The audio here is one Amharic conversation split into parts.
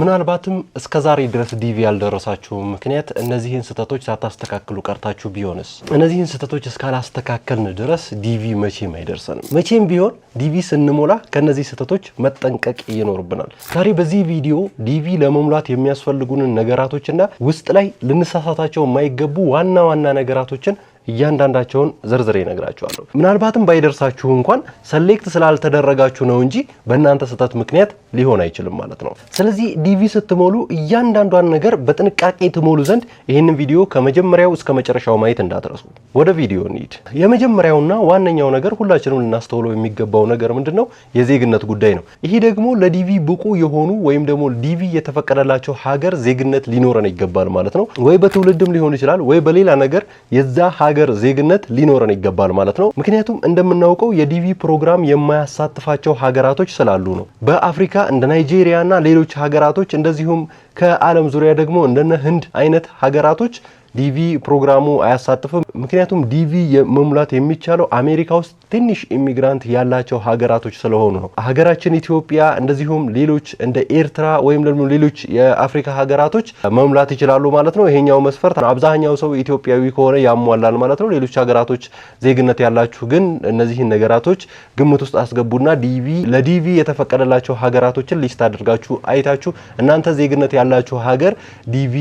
ምናልባትም እስከ ዛሬ ድረስ ዲቪ ያልደረሳችሁ ምክንያት እነዚህን ስህተቶች ሳታስተካክሉ ቀርታችሁ ቢሆንስ? እነዚህን ስህተቶች እስካላስተካከልን ድረስ ዲቪ መቼም አይደርሰንም። መቼም ቢሆን ዲቪ ስንሞላ ከእነዚህ ስህተቶች መጠንቀቅ ይኖርብናል። ዛሬ በዚህ ቪዲዮ ዲቪ ለመሙላት የሚያስፈልጉንን ነገራቶችና ውስጥ ላይ ልንሳሳታቸው የማይገቡ ዋና ዋና ነገራቶችን እያንዳንዳቸውን ዝርዝር ይነግራችኋለሁ። ምናልባትም ባይደርሳችሁ እንኳን ሰሌክት ስላልተደረጋችሁ ነው እንጂ በእናንተ ስህተት ምክንያት ሊሆን አይችልም ማለት ነው። ስለዚህ ዲቪ ስትሞሉ እያንዳንዷን ነገር በጥንቃቄ ትሞሉ ዘንድ ይህንን ቪዲዮ ከመጀመሪያው እስከ መጨረሻው ማየት እንዳትረሱ። ወደ ቪዲዮ እንሂድ። የመጀመሪያውና ዋነኛው ነገር ሁላችንም ልናስተውለው የሚገባው ነገር ምንድን ነው? የዜግነት ጉዳይ ነው። ይሄ ደግሞ ለዲቪ ብቁ የሆኑ ወይም ደግሞ ዲቪ የተፈቀደላቸው ሀገር ዜግነት ሊኖረን ይገባል ማለት ነው። ወይ በትውልድም ሊሆን ይችላል ወይ በሌላ ነገር የዛ ሀገር ዜግነት ሊኖረን ይገባል ማለት ነው። ምክንያቱም እንደምናውቀው የዲቪ ፕሮግራም የማያሳትፋቸው ሀገራቶች ስላሉ ነው። በአፍሪካ እንደ ናይጄሪያና ሌሎች ሀገራቶች እንደዚሁም ከዓለም ዙሪያ ደግሞ እንደነ ህንድ አይነት ሀገራቶች ዲቪ ፕሮግራሙ አያሳትፍም። ምክንያቱም ዲቪ መሙላት የሚቻለው አሜሪካ ውስጥ ትንሽ ኢሚግራንት ያላቸው ሀገራቶች ስለሆኑ ነው። ሀገራችን ኢትዮጵያ እንደዚሁም ሌሎች እንደ ኤርትራ ወይም ደግሞ ሌሎች የአፍሪካ ሀገራቶች መሙላት ይችላሉ ማለት ነው። ይሄኛው መስፈርት አብዛኛው ሰው ኢትዮጵያዊ ከሆነ ያሟላል ማለት ነው። ሌሎች ሀገራቶች ዜግነት ያላችሁ ግን እነዚህን ነገራቶች ግምት ውስጥ አስገቡና ዲቪ ለዲቪ የተፈቀደላቸው ሀገራቶችን ሊስት አድርጋችሁ አይታችሁ እናንተ ዜግነት ያላችሁ ሀገር ዲቪ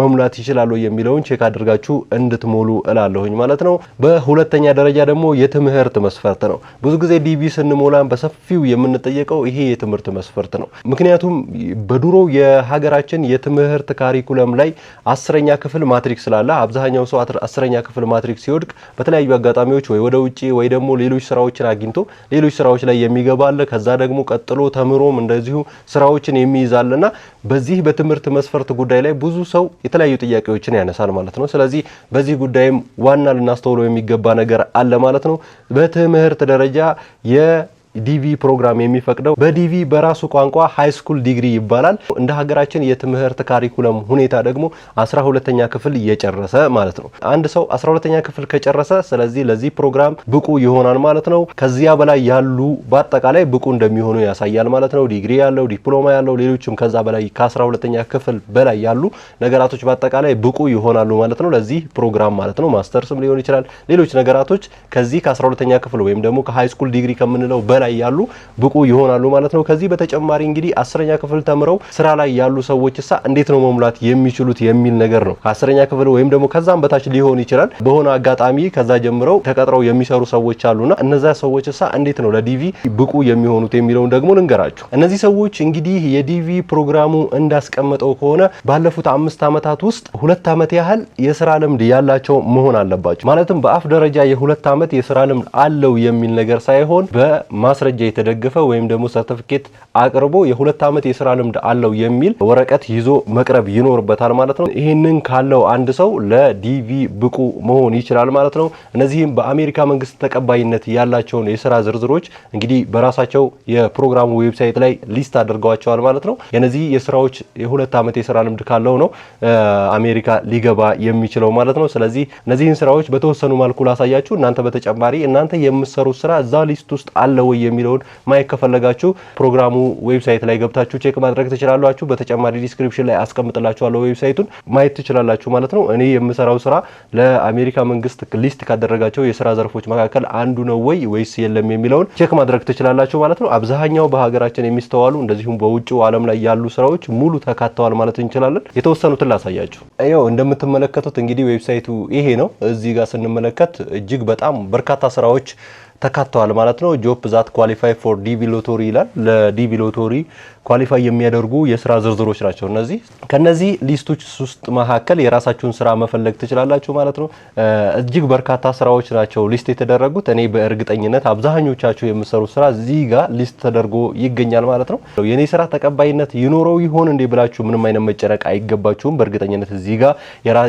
መሙላት ይችላሉ የሚለውን ቼክ አድርጋችሁ እንድትሞሉ እላለሁኝ ማለት ነው። በሁለተኛ ደረጃ ደግሞ የትምህርት መስፈርት ነው። ብዙ ጊዜ ዲቢ ስንሞላን በሰፊው የምንጠየቀው ይሄ የትምህርት መስፈርት ነው። ምክንያቱም በድሮ የሀገራችን የትምህርት ካሪኩለም ላይ አስረኛ ክፍል ማትሪክ ስላለ አብዛኛው ሰው አስረኛ ክፍል ማትሪክ ሲወድቅ በተለያዩ አጋጣሚዎች ወይ ወደ ውጭ ወይ ደግሞ ሌሎች ስራዎችን አግኝቶ ሌሎች ስራዎች ላይ የሚገባለ ከዛ ደግሞ ቀጥሎ ተምሮም እንደዚሁ ስራዎችን የሚይዛልና በዚህ በትምህርት መስፈርት ጉዳይ ላይ ብዙ ሰው የተለያዩ ጥያቄዎችን ያነሳል ማለት ነው። ስለዚህ በዚህ ጉዳይም ዋና ልናስተውለው የሚገባ ነገር አለ ማለት ነው። በትምህርት ደረጃ ዲቪ ፕሮግራም የሚፈቅደው በዲቪ በራሱ ቋንቋ ሃይስኩል ዲግሪ ይባላል። እንደ ሀገራችን የትምህርት ካሪኩለም ሁኔታ ደግሞ አስራ ሁለተኛ ክፍል እየጨረሰ ማለት ነው። አንድ ሰው 12ተኛ ክፍል ከጨረሰ ስለዚህ ለዚህ ፕሮግራም ብቁ ይሆናል ማለት ነው። ከዚያ በላይ ያሉ በአጠቃላይ ብቁ እንደሚሆኑ ያሳያል ማለት ነው። ዲግሪ ያለው፣ ዲፕሎማ ያለው፣ ሌሎችም ከዛ በላይ ከ ከ12ተኛ ክፍል በላይ ያሉ ነገራቶች በአጠቃላይ ብቁ ይሆናሉ ማለት ነው ለዚህ ፕሮግራም ማለት ነው። ማስተርስም ሊሆን ይችላል ሌሎች ነገራቶች ከዚህ 12 ተኛ ክፍል ወይም ደግሞ ከሃይስኩል ዲግሪ ከምንለው በላይ ላይ ያሉ ብቁ ይሆናሉ ማለት ነው። ከዚህ በተጨማሪ እንግዲህ አስረኛ ክፍል ተምረው ስራ ላይ ያሉ ሰዎች እሳ እንዴት ነው መሙላት የሚችሉት የሚል ነገር ነው። አስረኛ ክፍል ወይም ደግሞ ከዛም በታች ሊሆን ይችላል። በሆነ አጋጣሚ ከዛ ጀምረው ተቀጥረው የሚሰሩ ሰዎች አሉና እነዛ ሰዎች እሳ እንዴት ነው ለዲቪ ብቁ የሚሆኑት የሚለውን ደግሞ ልንገራችሁ። እነዚህ ሰዎች እንግዲህ የዲቪ ፕሮግራሙ እንዳስቀመጠው ከሆነ ባለፉት አምስት ዓመታት ውስጥ ሁለት ዓመት ያህል የስራ ልምድ ያላቸው መሆን አለባቸው። ማለትም በአፍ ደረጃ የሁለት ዓመት የስራ ልምድ አለው የሚል ነገር ሳይሆን በማ በማስረጃ የተደገፈ ወይም ደግሞ ሰርተፍኬት አቅርቦ የሁለት ዓመት የስራ ልምድ አለው የሚል ወረቀት ይዞ መቅረብ ይኖርበታል ማለት ነው። ይህንን ካለው አንድ ሰው ለዲቪ ብቁ መሆን ይችላል ማለት ነው። እነዚህም በአሜሪካ መንግስት ተቀባይነት ያላቸውን የስራ ዝርዝሮች እንግዲህ በራሳቸው የፕሮግራሙ ዌብሳይት ላይ ሊስት አድርገዋቸዋል ማለት ነው። የነዚህ የስራዎች የሁለት ዓመት የስራ ልምድ ካለው ነው አሜሪካ ሊገባ የሚችለው ማለት ነው። ስለዚህ እነዚህን ስራዎች በተወሰኑ መልኩ ላሳያችሁ። እናንተ በተጨማሪ እናንተ የምትሰሩት ስራ እዛ ሊስት ውስጥ አለ ወይ የሚለውን ማየት ከፈለጋችሁ ፕሮግራሙ ዌብሳይት ላይ ገብታችሁ ቼክ ማድረግ ትችላላችሁ። በተጨማሪ ዲስክሪፕሽን ላይ አስቀምጥላችኋለሁ ዌብሳይቱን ማየት ትችላላችሁ ማለት ነው። እኔ የምሰራው ስራ ለአሜሪካ መንግስት ሊስት ካደረጋቸው የስራ ዘርፎች መካከል አንዱ ነው ወይ ወይስ የለም የሚለውን ቼክ ማድረግ ትችላላችሁ ማለት ነው። አብዛኛው በሀገራችን የሚስተዋሉ እንደዚሁም በውጭው ዓለም ላይ ያሉ ስራዎች ሙሉ ተካተዋል ማለት እንችላለን። የተወሰኑትን ላሳያችሁ። ያው እንደምትመለከቱት እንግዲህ ዌብሳይቱ ይሄ ነው። እዚህ ጋር ስንመለከት እጅግ በጣም በርካታ ስራዎች ተካተዋል ማለት ነው። ጆፕ ዛት ኳሊፋይ ፎር ዲቪ ሎቶሪ ይላል። ለዲቪ ሎቶሪ ኳሊፋይ የሚያደርጉ የስራ ዝርዝሮች ናቸው እነዚህ። ከነዚህ ሊስቶች ውስጥ መካከል የራሳችሁን ስራ መፈለግ ትችላላችሁ ማለት ነው። እጅግ በርካታ ስራዎች ናቸው ሊስት የተደረጉት። እኔ በእርግጠኝነት አብዛኞቻችሁ የምሰሩ ስራ እዚህ ጋር ሊስት ተደርጎ ይገኛል ማለት ነው። የእኔ ስራ ተቀባይነት ይኖረው ይሆን እንዴ ብላችሁ ምንም አይነት መጨነቅ አይገባችሁም። በእርግጠኝነት እዚህ ጋር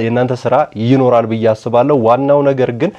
የእናንተ ስራ ይኖራል ብዬ አስባለሁ። ዋናው ነገር ግን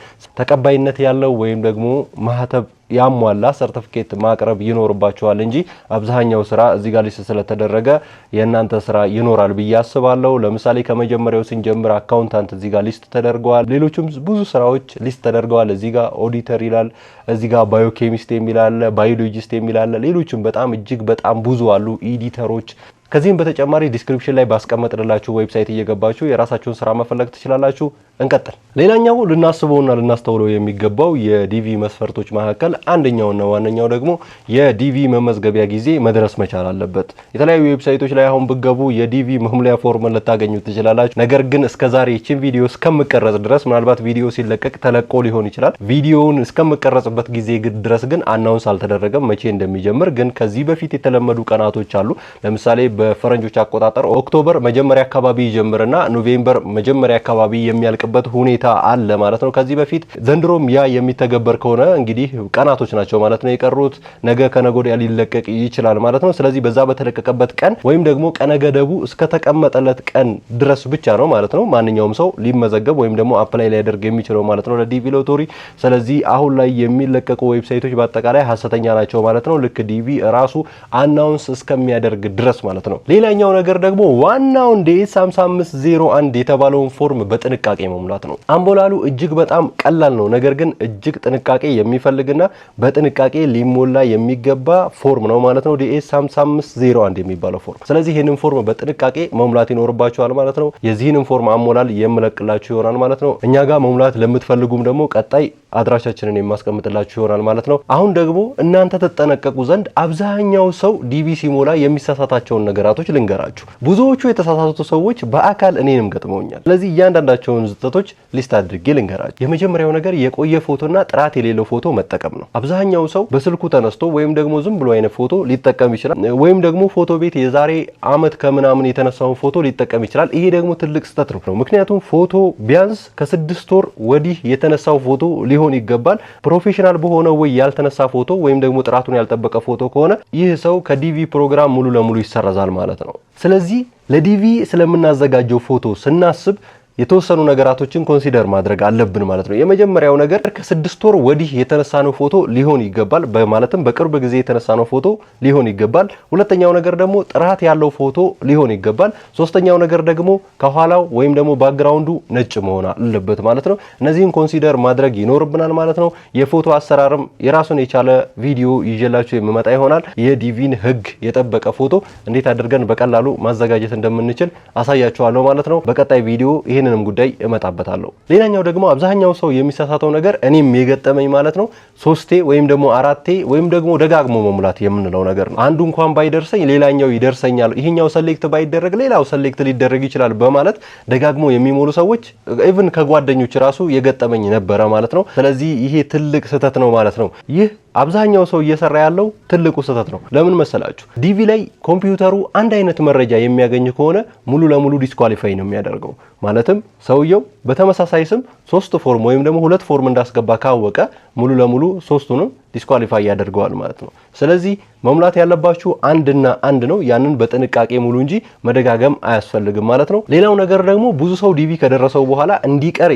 ተቀባይነት ያለው ወይም ደግሞ ማህተብ ያሟላ ሰርተፍኬት ማቅረብ ይኖርባቸዋል እንጂ አብዛኛው ስራ እዚህ ጋር ሊስ ስለተደረገ የእናንተ ስራ ይኖራል ብዬ አስባለሁ። ለምሳሌ ከመጀመሪያው ስንጀምር አካውንታንት እዚህ ጋር ሊስት ተደርገዋል። ሌሎችም ብዙ ስራዎች ሊስት ተደርገዋል። እዚህ ጋር ኦዲተር ይላል፣ እዚህ ጋር ባዮኬሚስት የሚላለ፣ ባዮሎጂስት የሚላለ፣ ሌሎችም በጣም እጅግ በጣም ብዙ አሉ ኢዲተሮች ከዚህም በተጨማሪ ዲስክሪፕሽን ላይ ባስቀመጥንላችሁ ዌብሳይት እየገባችሁ የራሳችሁን ስራ መፈለግ ትችላላችሁ። እንቀጥል። ሌላኛው ልናስበውና ልናስተውለው የሚገባው የዲቪ መስፈርቶች መካከል አንደኛውና ዋነኛው ደግሞ የዲቪ መመዝገቢያ ጊዜ መድረስ መቻል አለበት። የተለያዩ ዌብሳይቶች ላይ አሁን ብገቡ የዲቪ መሙሊያ ፎርምን ልታገኙ ትችላላችሁ። ነገር ግን እስከዛሬ ይችን ቪዲዮ እስከምቀረጽ ድረስ ምናልባት ቪዲዮ ሲለቀቅ ተለቆ ሊሆን ይችላል። ቪዲዮውን እስከምቀረጽበት ጊዜ ድረስ ግን አናውንስ አልተደረገም መቼ እንደሚጀምር። ግን ከዚህ በፊት የተለመዱ ቀናቶች አሉ። ለምሳሌ በፈረንጆች አቆጣጠር ኦክቶበር መጀመሪያ አካባቢ ይጀምርና ኖቬምበር መጀመሪያ አካባቢ የሚያልቅበት ሁኔታ አለ ማለት ነው። ከዚህ በፊት ዘንድሮም ያ የሚተገበር ከሆነ እንግዲህ ቀናቶች ናቸው ማለት ነው የቀሩት። ነገ ከነገ ወዲያ ሊለቀቅ ይችላል ማለት ነው። ስለዚህ በዛ በተለቀቀበት ቀን ወይም ደግሞ ቀነ ገደቡ እስከተቀመጠለት ቀን ድረስ ብቻ ነው ማለት ነው ማንኛውም ሰው ሊመዘገብ ወይም ደግሞ አፕላይ ሊያደርግ የሚችለው ማለት ነው ለዲቪ ሎተሪ። ስለዚህ አሁን ላይ የሚለቀቁ ዌብሳይቶች በአጠቃላይ ሀሰተኛ ናቸው ማለት ነው ልክ ዲቪ ራሱ አናውንስ እስከሚያደርግ ድረስ ማለት ነው። ማለት ነው። ሌላኛው ነገር ደግሞ ዋናውን ዴኤስ 5501 የተባለውን ፎርም በጥንቃቄ መሙላት ነው። አምቦላሉ እጅግ በጣም ቀላል ነው፣ ነገር ግን እጅግ ጥንቃቄ የሚፈልግና በጥንቃቄ ሊሞላ የሚገባ ፎርም ነው ማለት ነው። ዲኤስ 5501 የሚባለው ፎርም። ስለዚህ ይህንን ፎርም በጥንቃቄ መሙላት ይኖርባችኋል ማለት ነው። የዚህንም ፎርም አሞላል የምለቅላችሁ ይሆናል ማለት ነው። እኛ ጋር መሙላት ለምትፈልጉም ደግሞ ቀጣይ አድራሻችንን የማስቀምጥላችሁ ይሆናል ማለት ነው። አሁን ደግሞ እናንተ ተጠነቀቁ ዘንድ አብዛኛው ሰው ዲቪ ሲሞላ የሚሳሳታቸውን ነገራቶች ልንገራችሁ። ብዙዎቹ የተሳሳቱ ሰዎች በአካል እኔንም ገጥመውኛል። ስለዚህ እያንዳንዳቸውን ስህተቶች ሊስት አድርጌ ልንገራችሁ። የመጀመሪያው ነገር የቆየ ፎቶና ጥራት የሌለው ፎቶ መጠቀም ነው። አብዛኛው ሰው በስልኩ ተነስቶ ወይም ደግሞ ዝም ብሎ አይነት ፎቶ ሊጠቀም ይችላል። ወይም ደግሞ ፎቶ ቤት የዛሬ አመት ከምናምን የተነሳውን ፎቶ ሊጠቀም ይችላል። ይሄ ደግሞ ትልቅ ስህተት ነው። ምክንያቱም ፎቶ ቢያንስ ከስድስት ወር ወዲህ የተነሳው ፎቶ ሊሆን ይገባል። ፕሮፌሽናል በሆነ ወይ ያልተነሳ ፎቶ ወይም ደግሞ ጥራቱን ያልጠበቀ ፎቶ ከሆነ ይህ ሰው ከዲቪ ፕሮግራም ሙሉ ለሙሉ ይሰረዛል ይሆናል ማለት ነው። ስለዚህ ለዲቪ ስለምናዘጋጀው ፎቶ ስናስብ የተወሰኑ ነገራቶችን ኮንሲደር ማድረግ አለብን ማለት ነው። የመጀመሪያው ነገር ከስድስት ወር ወዲህ የተነሳነው ፎቶ ሊሆን ይገባል፣ በማለትም በቅርብ ጊዜ የተነሳነው ፎቶ ሊሆን ይገባል። ሁለተኛው ነገር ደግሞ ጥራት ያለው ፎቶ ሊሆን ይገባል። ሶስተኛው ነገር ደግሞ ከኋላው ወይም ደግሞ ባክግራውንዱ ነጭ መሆን አለበት ማለት ነው። እነዚህን ኮንሲደር ማድረግ ይኖርብናል ማለት ነው። የፎቶ አሰራርም የራሱን የቻለ ቪዲዮ ይዤላችሁ የሚመጣ ይሆናል። የዲቪን ህግ የጠበቀ ፎቶ እንዴት አድርገን በቀላሉ ማዘጋጀት እንደምንችል አሳያችኋለሁ ማለት ነው። በቀጣይ ቪዲዮ ይህን ይህንንም ጉዳይ እመጣበታለሁ። ሌላኛው ደግሞ አብዛኛው ሰው የሚሳሳተው ነገር እኔም የገጠመኝ ማለት ነው ሶስቴ ወይም ደግሞ አራቴ ወይም ደግሞ ደጋግሞ መሙላት የምንለው ነገር ነው። አንዱ እንኳን ባይደርሰኝ ሌላኛው ይደርሰኛል፣ ይሄኛው ሰሌክት ባይደረግ ሌላው ሰሌክት ሊደረግ ይችላል በማለት ደጋግሞ የሚሞሉ ሰዎች ኢቭን ከጓደኞች ራሱ የገጠመኝ ነበረ ማለት ነው። ስለዚህ ይሄ ትልቅ ስህተት ነው ማለት ነው። ይህ አብዛኛው ሰው እየሰራ ያለው ትልቁ ስህተት ነው። ለምን መሰላችሁ? ዲቪ ላይ ኮምፒውተሩ አንድ አይነት መረጃ የሚያገኝ ከሆነ ሙሉ ለሙሉ ዲስኳሊፋይ ነው የሚያደርገው። ማለትም ሰውየው በተመሳሳይ ስም ሶስት ፎርም ወይም ደግሞ ሁለት ፎርም እንዳስገባ ካወቀ ሙሉ ለሙሉ ሶስቱንም ዲስኳሊፋይ ያደርገዋል ማለት ነው። ስለዚህ መሙላት ያለባችሁ አንድና አንድ ነው። ያንን በጥንቃቄ ሙሉ እንጂ መደጋገም አያስፈልግም ማለት ነው። ሌላው ነገር ደግሞ ብዙ ሰው ዲቪ ከደረሰው በኋላ እንዲቀር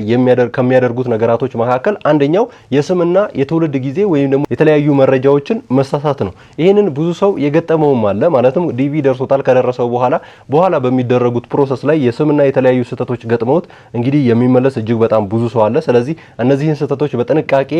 ከሚያደርጉት ነገራቶች መካከል አንደኛው የስምና የትውልድ ጊዜ ወይም ደግሞ የተለያዩ መረጃዎችን መሳሳት ነው። ይህንን ብዙ ሰው የገጠመውም አለ ማለትም ዲቪ ደርሶታል። ከደረሰው በኋላ በኋላ በሚደረጉት ፕሮሰስ ላይ የስምና የተለያዩ ስህተቶች ገጥመውት እንግዲህ የሚመለስ እጅግ በጣም ብዙ ሰው አለ። ስለዚህ እነዚህን ስህተቶች በጥንቃቄ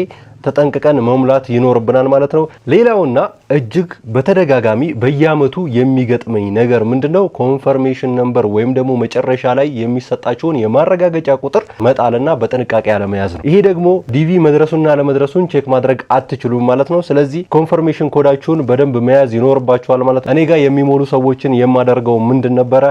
ተጠንቅቀን መሙላት ይኖ ይኖርብናል ማለት ነው። ሌላውና እጅግ በተደጋጋሚ በየአመቱ የሚገጥመኝ ነገር ምንድን ነው? ኮንፈርሜሽን ነምበር ወይም ደግሞ መጨረሻ ላይ የሚሰጣቸውን የማረጋገጫ ቁጥር መጣልና በጥንቃቄ አለመያዝ ነው። ይሄ ደግሞ ዲቪ መድረሱና አለመድረሱን ቼክ ማድረግ አትችሉም ማለት ነው። ስለዚህ ኮንፈርሜሽን ኮዳችሁን በደንብ መያዝ ይኖርባችኋል ማለት ነው። እኔ ጋር የሚሞሉ ሰዎችን የማደርገው ምንድን ነበረ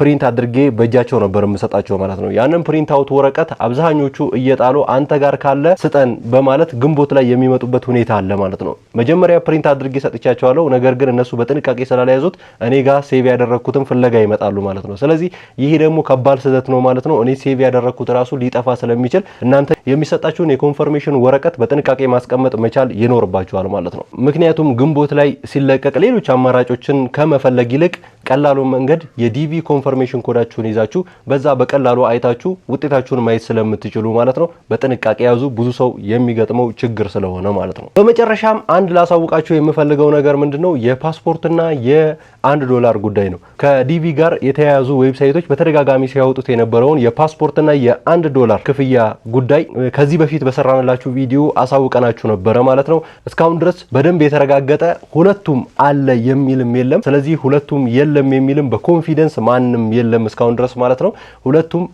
ፕሪንት አድርጌ በእጃቸው ነበር የምሰጣቸው ማለት ነው። ያንን ፕሪንት አውት ወረቀት አብዛኞቹ እየጣሉ አንተ ጋር ካለ ስጠን በማለት ግንቦት ላይ የሚመጡበት ሁኔታ አለ ማለት ነው። መጀመሪያ ፕሪንት አድርጌ ሰጥቻቸዋለሁ። ነገር ግን እነሱ በጥንቃቄ ስላልያዙት እኔ ጋር ሴቭ ያደረግኩትን ፍለጋ ይመጣሉ ማለት ነው። ስለዚህ ይሄ ደግሞ ከባድ ስህተት ነው ማለት ነው። እኔ ሴቭ ያደረግኩት ራሱ ሊጠፋ ስለሚችል እናንተ የሚሰጣችሁን የኮንፈርሜሽን ወረቀት በጥንቃቄ ማስቀመጥ መቻል ይኖርባችኋል ማለት ነው። ምክንያቱም ግንቦት ላይ ሲለቀቅ ሌሎች አማራጮችን ከመፈለግ ይልቅ ቀላሉ መንገድ የዲቪ የኮንፈርሜሽን ኮዳችሁን ይዛችሁ በዛ በቀላሉ አይታችሁ ውጤታችሁን ማየት ስለምትችሉ ማለት ነው በጥንቃቄ ያዙ። ብዙ ሰው የሚገጥመው ችግር ስለሆነ ማለት ነው። በመጨረሻም አንድ ላሳውቃችሁ የምፈልገው ነገር ምንድን ነው የፓስፖርትና የአንድ ዶላር ጉዳይ ነው። ከዲቪ ጋር የተያያዙ ዌብሳይቶች በተደጋጋሚ ሲያወጡት የነበረውን የፓስፖርትና የአንድ ዶላር ክፍያ ጉዳይ ከዚህ በፊት በሰራንላችሁ ቪዲዮ አሳውቀናችሁ ነበረ ማለት ነው። እስካሁን ድረስ በደንብ የተረጋገጠ ሁለቱም አለ የሚልም የለም። ስለዚህ ሁለቱም የለም የሚልም በኮንፊደንስ ማን ማንም የለም እስካሁን ድረስ ማለት ነው። ሁለቱም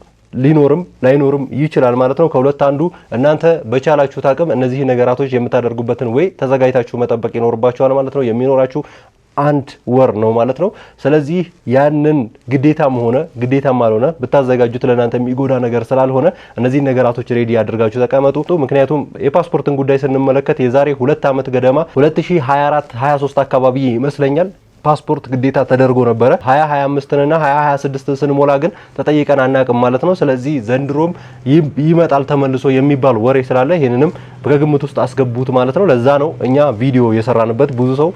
ሊኖርም ላይኖርም ይችላል ማለት ነው። ከሁለት አንዱ እናንተ በቻላችሁት አቅም እነዚህ ነገራቶች የምታደርጉበትን ወይ ተዘጋጅታችሁ መጠበቅ ይኖርባችኋል ማለት ነው። የሚኖራችሁ አንድ ወር ነው ማለት ነው። ስለዚህ ያንን ግዴታም ሆነ ግዴታም አልሆነ ብታዘጋጁት ለእናንተ የሚጎዳ ነገር ስላልሆነ እነዚህን ነገራቶች ሬዲ አድርጋችሁ ተቀመጡ። ምክንያቱም የፓስፖርትን ጉዳይ ስንመለከት የዛሬ ሁለት ዓመት ገደማ 2024 23 አካባቢ ይመስለኛል ፓስፖርት ግዴታ ተደርጎ ነበረ። 2025ንና 2026ን ስንሞላ ግን ተጠይቀን አናቅም ማለት ነው። ስለዚህ ዘንድሮም ይመጣል ተመልሶ የሚባል ወሬ ስላለ ይህንንም ከግምት ውስጥ አስገቡት ማለት ነው። ለዛ ነው እኛ ቪዲዮ የሰራንበት። ብዙ ሰው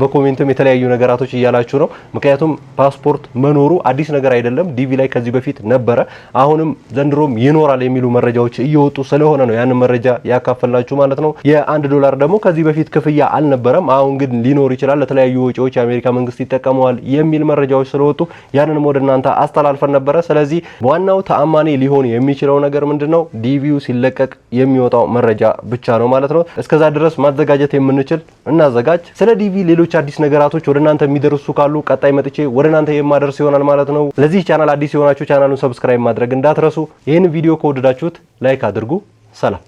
በኮሜንትም የተለያዩ ነገራቶች እያላችሁ ነው። ምክንያቱም ፓስፖርት መኖሩ አዲስ ነገር አይደለም። ዲቪ ላይ ከዚህ በፊት ነበረ፣ አሁንም ዘንድሮም ይኖራል የሚሉ መረጃዎች እየወጡ ስለሆነ ነው ያንን መረጃ ያካፈልናችሁ ማለት ነው። የአንድ ዶላር ደግሞ ከዚህ በፊት ክፍያ አልነበረም። አሁን ግን ሊኖር ይችላል ለተለያዩ ወጪዎች የአሜሪካ መንግስት ይጠቀመዋል የሚል መረጃዎች ስለወጡ ያንንም ወደ እናንተ አስተላልፈን ነበረ። ስለዚህ ዋናው ተአማኒ ሊሆን የሚችለው ነገር ምንድነው? ዲቪዩ ሲለቀቅ የሚወጣው መረጃ ብቻ ነው ማለት ነው። እስከዛ ድረስ ማዘጋጀት የምንችል እናዘጋጅ። ስለ ዲቪ ሌሎች አዲስ ነገራቶች ወደ እናንተ የሚደርሱ ካሉ ቀጣይ መጥቼ ወደ እናንተ የማደርስ ይሆናል ማለት ነው። ለዚህ ቻናል አዲስ የሆናችሁ ቻናሉን ሰብስክራይብ ማድረግ እንዳትረሱ። ይህን ቪዲዮ ከወደዳችሁት ላይክ አድርጉ። ሰላም